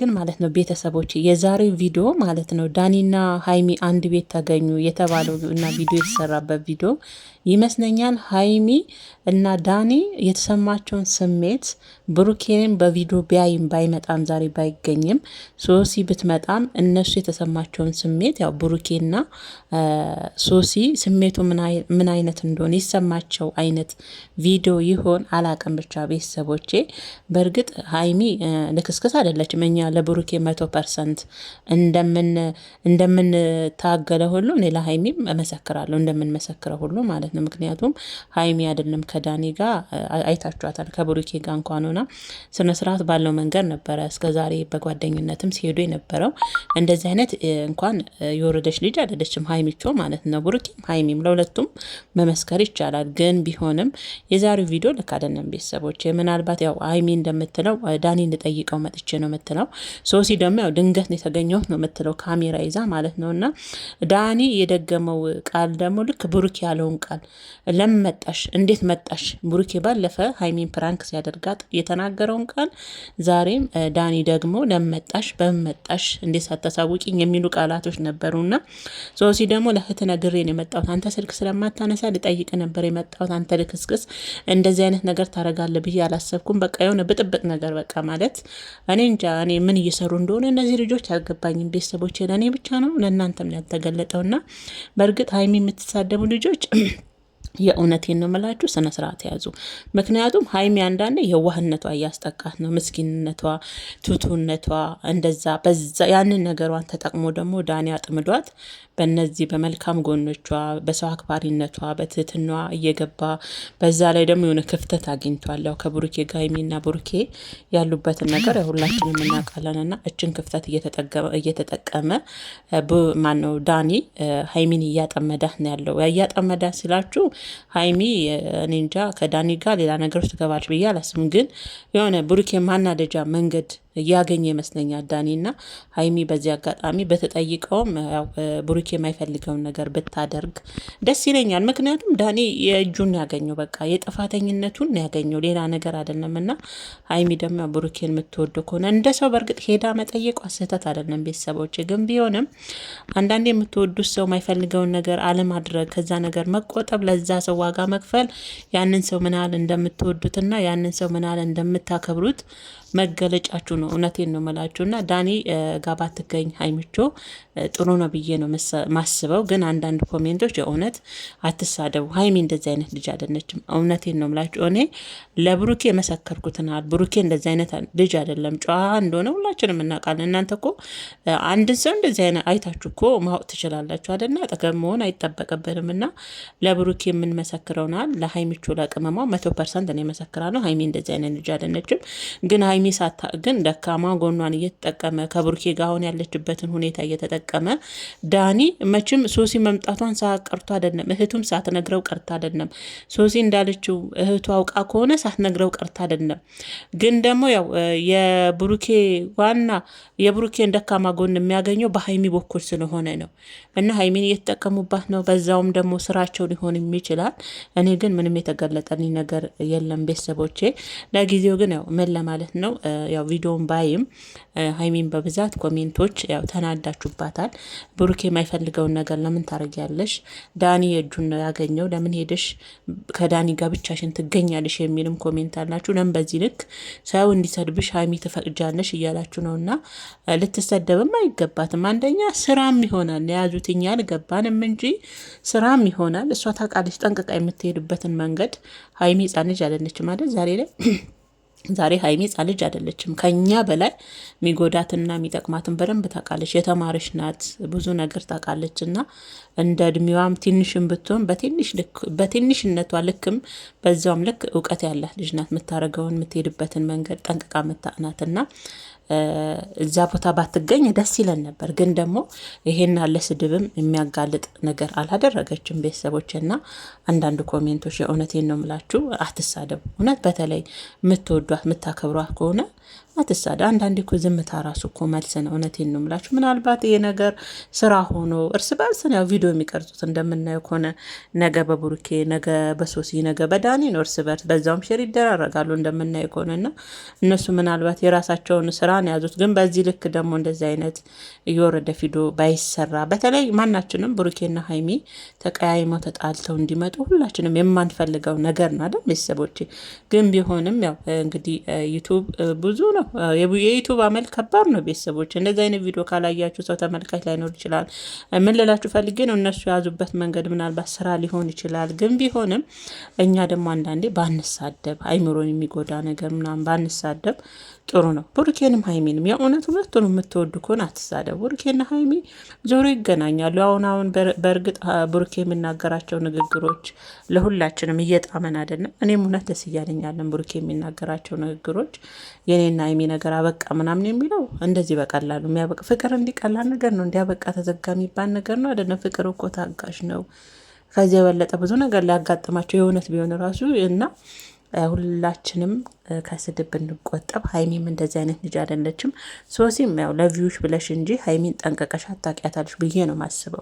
ግን ማለት ነው ቤተሰቦች የዛሬ ቪዲዮ ማለት ነው ዳኒና ሀይሚ አንድ ቤት ተገኙ የተባለው እና ቪዲዮ የተሰራበት ቪዲዮ ይመስለኛል ሀይሚ እና ዳኒ የተሰማቸውን ስሜት ብሩኬንን በቪዲዮ ቢያይም ባይመጣም ዛሬ ባይገኝም ሶሲ ብትመጣም እነሱ የተሰማቸውን ስሜት ያው ብሩኬና ሶሲ ስሜቱ ምን አይነት እንደሆነ የሰማቸው አይነት ቪዲዮ ይሆን አላቅም። ብቻ ቤተሰቦቼ በእርግጥ ሀይሚ ልክስክስ አይደለችም። እኛ ለብሩኬ መቶ ፐርሰንት እንደምንታገለ ሁሉ እኔ ለሀይሚ እመሰክራለሁ እንደምንመሰክረው ሁሉ ማለት ነው። ነው። ምክንያቱም ሀይሚ አይደለም ከዳኒ ጋር አይታችኋታል። ከብሩኬ ጋር እንኳን ሆና ስነስርዓት ባለው መንገድ ነበረ እስከዛሬ በጓደኝነትም ሲሄዱ የነበረው። እንደዚህ አይነት እንኳን የወረደች ልጅ አይደለችም ሀይሚቾ ማለት ነው። ብሩኬም ሀይሚም ለሁለቱም መመስከር ይቻላል። ግን ቢሆንም የዛሬው ቪዲዮ ልክ አይደለም። ቤተሰቦች ምናልባት ያው ሀይሚ እንደምትለው ዳኒ ልጠይቀው መጥቼ ነው የምትለው። ሶሲ ደግሞ ያው ድንገት ነው የተገኘሁት ነው የምትለው ካሜራ ይዛ ማለት ነው እና ዳኒ የደገመው ቃል ደግሞ ልክ ብሩክ ያለውን ቃል ለምን መጣሽ? እንዴት መጣሽ? ብሩኬ ባለፈ ሀይሚን ፕራንክ ሲያደርጋት የተናገረውን ቃል ዛሬም ዳኒ ደግሞ ለምን መጣሽ? በምን መጣሽ? እንዴት ሳታሳውቂኝ የሚሉ ቃላቶች ነበሩና ሶሲ ደግሞ ለህት ነግሬን የመጣሁት አንተ ስልክ ስለማታነሳ ልጠይቅ ነበር የመጣሁት አንተ ልክስክስ እንደዚህ አይነት ነገር ታደርጋለህ ብዬ አላሰብኩም። በቃ የሆነ ብጥብጥ ነገር በቃ ማለት እኔ እንጃ እኔ ምን እየሰሩ እንደሆነ እነዚህ ልጆች አልገባኝም። ቤተሰቦች ለእኔ ብቻ ነው ለእናንተም ያልተገለጠውና በእርግጥ ሀይሚ የምትሳደቡ ልጆች የእውነቴን ነው የምላችሁ፣ ስነ ስርዓት ያዙ። ምክንያቱም ሀይሚ አንዳንዴ የዋህነቷ እያስጠቃት ነው፣ ምስኪንነቷ፣ ትቱነቷ እንደዛ በዛ ያንን ነገሯን ተጠቅሞ ደግሞ ዳኒ አጥምዷት በነዚህ በመልካም ጎኖቿ፣ በሰው አክባሪነቷ፣ በትህትኗ እየገባ በዛ ላይ ደግሞ የሆነ ክፍተት አግኝቷል። ያው ከብሩኬ ጋር ሀይሚና ብሩኬ ያሉበትን ነገር ሁላችን የምናውቃለን እና እችን ክፍተት እየተጠቀመ ማነው ዳኒ ሀይሚን እያጠመዳት ነው ያለው። እያጠመዳት ስላችሁ ሀይሚ እኔ እንጃ ከዳኒ ጋር ሌላ ነገሮች ውስጥ ትገባለች ብዬ አላስብም። ግን የሆነ ብሩኬ ማናደጃ መንገድ ያገኘ ይመስለኛል ዳኒና ሀይሚ በዚህ አጋጣሚ በተጠይቀውም ብሩክ ብሩኬ የማይፈልገውን ነገር ብታደርግ ደስ ይለኛል። ምክንያቱም ዳኒ የእጁን ያገኘው በቃ የጥፋተኝነቱን ያገኘው ሌላ ነገር አይደለም እና ሀይሚ ደግሞ ብሩኬን የምትወደው ከሆነ እንደ ሰው በእርግጥ ሄዳ መጠየቋ ስህተት አይደለም። ቤተሰቦች ግን ቢሆንም አንዳንዴ የምትወዱት ሰው የማይፈልገውን ነገር አለማድረግ፣ ከዛ ነገር መቆጠብ፣ ለዛ ሰው ዋጋ መክፈል ያንን ሰው ምናል እንደምትወዱትና ያንን ሰው ምናል እንደምታከብሩት መገለጫችሁ ነው። እውነቴን ነው መላችሁ እና ዳኒ ጋባ ትገኝ ሀይሚቾ ጥሩ ነው ብዬ ነው ማስበው። ግን አንዳንድ ኮሜንቶች የእውነት አትሳደቡ፣ ሀይሚ እንደዚህ አይነት ልጅ አይደለችም። እውነቴን ነው ምላችሁ። እኔ ለብሩኬ መሰከርኩትናል። ብሩኬ እንደዚህ አይነት ልጅ አይደለም። ጨዋ እንደሆነ ሁላችንም እናውቃለን። እናንተ እኮ አንድን ሰው እንደዚህ አይነት አይታችሁ እኮ ማወቅ ትችላላችሁ አደና አጠገብ መሆን አይጠበቅብንም። እና ለብሩኬ የምንመሰክረውናል ለሀይሚቾ ለቅመሟ መቶ ፐርሰንት እኔ መሰክራ ነው ሀይሚ እንደዚህ አይነት ልጅ አይደለችም ግን ሀይሚ ሳታ ግን ደካማ ጎኗን እየተጠቀመ ከብሩኬ ጋር አሁን ያለችበትን ሁኔታ እየተጠቀመ ዳኒ መቼም ሶሲ መምጣቷን ሳቀርቶ አይደለም፣ እህቱም ሳትነግረው ቀርታ አይደለም። ሶሲ እንዳለችው እህቱ አውቃ ከሆነ ሳትነግረው ቀርታ አይደለም። ግን ደግሞ ያው የብሩኬ ዋና የብሩኬን ደካማ ጎን የሚያገኘው በሀይሚ በኩል ስለሆነ ነው እና ሀይሚን እየተጠቀሙባት ነው። በዛውም ደግሞ ስራቸው ሊሆን ይችላል። እኔ ግን ምንም የተገለጠልኝ ነገር የለም ቤተሰቦቼ። ለጊዜው ግን ያው ምን ለማለት ነው ነው። ያው ቪዲዮን ባይም ሀይሚን በብዛት ኮሜንቶች ያው ተናዳችሁባታል። ብሩኬ የማይፈልገውን ነገር ለምን ታደርጊያለሽ? ዳኒ የእጁን ነው ያገኘው። ለምን ሄደሽ ከዳኒ ጋር ብቻሽን ትገኛለሽ? የሚልም ኮሜንት አላችሁ። ለምን በዚህ ልክ ሰው እንዲሰድብሽ ሀይሚ ትፈቅጃለሽ? እያላችሁ ነው። እና ልትሰደብም አይገባትም። አንደኛ ስራም ይሆናል የያዙት እኛ አልገባንም እንጂ ስራም ይሆናል። እሷ ታውቃለች ጠንቅቃ የምትሄድበትን መንገድ። ሀይሚ ህጻን ልጅ አለነች ማለት ዛሬ ላይ ዛሬ ሀይሜ ህጻን ልጅ አይደለችም። ከኛ በላይ የሚጎዳትና የሚጠቅማትን በደንብ ታውቃለች። የተማረች ናት፣ ብዙ ነገር ታውቃለች እና እንደ እድሜዋም ትንሽም ብትሆን በትንሽነቷ ልክም በዚያውም ልክ እውቀት ያላት ልጅ ናት። የምታደርገውን የምትሄድበትን መንገድ ጠንቅቃ ምታቅናትና እዛ ቦታ ባትገኝ ደስ ይለን ነበር። ግን ደግሞ ይሄን ያለ ስድብም የሚያጋልጥ ነገር አላደረገችም። ቤተሰቦች እና አንዳንድ ኮሜንቶች የእውነቴን ነው የምላችሁ፣ አትሳደቡ። እውነት በተለይ የምትወዷት የምታከብሯት ከሆነ አትሳድ። አንዳንድ እኮ ዝምታ ራሱ እኮ መልስ ነው። እውነቴን ነው የምላችሁ። ምናልባት ይሄ ነገር ስራ ሆኖ እርስ በርስ ያው ቪዲዮ የሚቀርጹት እንደምናየው ከሆነ ነገ በቡርኬ ነገ በሶሲ ነገ በዳኒ ነው እርስ በርስ በዛውም ሼር ይደራረጋሉ እንደምናየው ከሆነ እና እነሱ ምናልባት የራሳቸውን ስራ ነው ያዙት። ግን በዚህ ልክ ደግሞ እንደዚህ አይነት እየወረደ ፊዶ ባይሰራ በተለይ ማናችንም ብሩኬና ሀይሚ ተቀያይመው ተጣልተው እንዲመጡ ሁላችንም የማንፈልገው ነገር ነው አይደል ቤተሰቦቼ። ግን ቢሆንም ያው እንግዲህ ዩቱብ ብዙ ነው የዩቱብ አመል ከባድ ነው። ቤተሰቦች እንደዚህ አይነት ቪዲዮ ካላያችሁ ሰው ተመልካች ላይኖር ይችላል። ምን ልላችሁ ፈልጌ ነው እነሱ የያዙበት መንገድ ምናልባት ስራ ሊሆን ይችላል። ግን ቢሆንም እኛ ደግሞ አንዳንዴ ባንሳደብ አይምሮን የሚጎዳ ነገር ምናምን ባንሳደብ ጥሩ ነው። ብሩኬንም ሀይሚንም የእውነት ሁለቱን የምትወዱ ከሆነ አትሳደቡ። ብሩኬና ሀይሚ ጆሮ ይገናኛሉ። አሁን አሁን በእርግጥ ብሩኬ የሚናገራቸው ንግግሮች ለሁላችንም እየጣመን አይደለም። እኔም እውነት ደስ እያለኛለን። ብሩኬ የሚናገራቸው ንግግሮች የኔና ሀይሚ ነገር አበቃ ምናምን የሚለው እንደዚህ በቀላሉ የሚያበቃ ፍቅር እንዲቀላል ነገር ነው። እንዲያበቃ ተዘጋ የሚባል ነገር ነው አይደለም። ፍቅር እኮ ታጋሽ ነው። ከዚህ የበለጠ ብዙ ነገር ሊያጋጥማቸው የእውነት ቢሆን ራሱ እና ሁላችንም ከስድብ ብንቆጠብ። ሀይሚም እንደዚህ አይነት ልጅ አይደለችም። ሶሲም ያው ለቪዩሽ ብለሽ እንጂ ሀይሚን ጠንቀቀሽ አታውቂያታለሽ ብዬ ነው ማስበው።